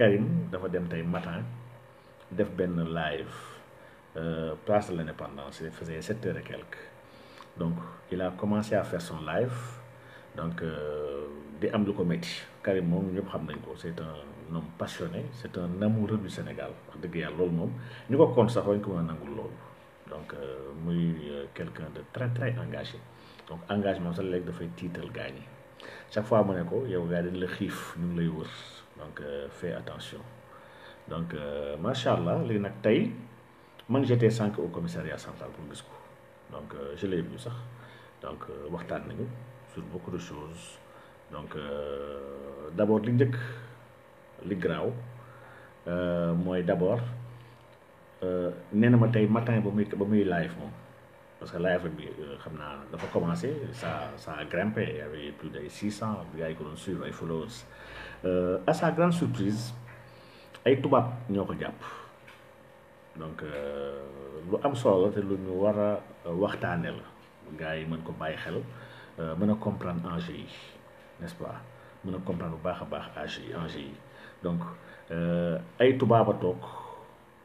Karim dafa dem tay matin def ben live euh, place de l'indépendance il faisait 7h et quelques donc il a commencé à faire son live donc euh, di am lu ko metti Karim moom ñëpp xam nañ ko c'est un homme passionné c'est un amoureux du Sénégal wax dëgg yàlla mom moom ñu ko compte sax ko nangul donc euh, muy quelqu'un de très très engagé donc engagement fait de faire fay gaañ yi chaque fois mu ne ko yow gars dañ la xiif ñu lay donc euh, fais attention donc euh, machallah léegi nak tay man j'étais sank au commissariat central pour le donc euh, je l'ai vu ça. donc euh, waxtaan nañu sur beaucoup de choses donc d'abord li njëkk li grave, moi, d'abord euh na ma tey matin ba muy ba live parce que live bi euh, a commencé ça a grimpé il y avait plus de 600 gars qui ont suivi, les followers euh, à sa grande surprise ay monde qui donc euh, a a comprendre n'est-ce pas y a comprendre donc a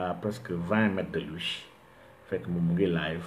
à presque 20 mètres de lui fait que mon live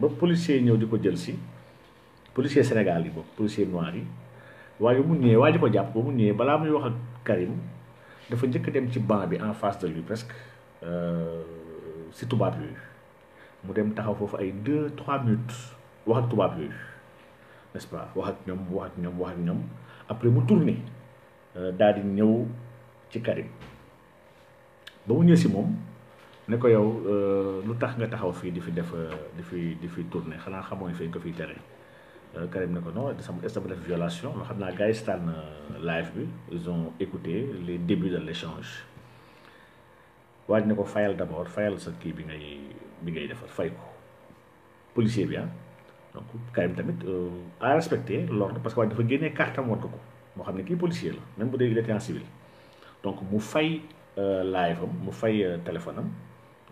ba policier ñëw di ko jël si policier Sénégal yi boobu policier noir yi waaye mu ñëwee waa ji ko jàpp ba mu ñëwee balaa muy wax ak Karim dafa njëkk dem ci banc bi en face de lui presque euh, si tubaab yooyu mu dem taxaw foofu ay deux trois minutes wax ak tubaab yooyu n'est-ce pas wax ak ñoom wax ak ñoom après mu tourné euh, daal di ñëw ci Karim ba mu ñëw si moom. ne ko yow euh, lu tax nga taxaw fii di fi def euh, di fi di fi tourné xanaa xamoo ne fi ko fiy tere euh, Karim ne ko non sama est ce def violation ma xam naa gars yi live bi ils ont écouté les débuts de l' échange waaj ne ko fayal d' abord fayal sa kii bi ngay bi ngay defal fay ko policier bi ah donc Karim tamit à respecter l'ordre parce que waaj dafa génnee carte am woon ko ko moo xam ne kii policier la même bu dee il était en civil donc mu fay live am mu fay téléphone am.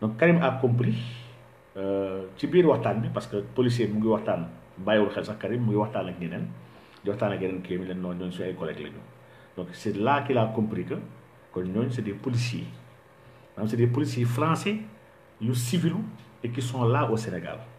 donc Karim a compris euh, ci biir waxtaan bi parce que policier mu ngi waxtaan bàyyiwul xel sax Karim mu ngi waxtaan ak ñeneen di waxtaan ak yeneen kii mi leen noonu ñooñu suñu ay collègues la donc c' est là qu' il a compris que kon ñooñu c' est des policiers maanaam c' est des policiers français yu civils et qui sont là au Sénégal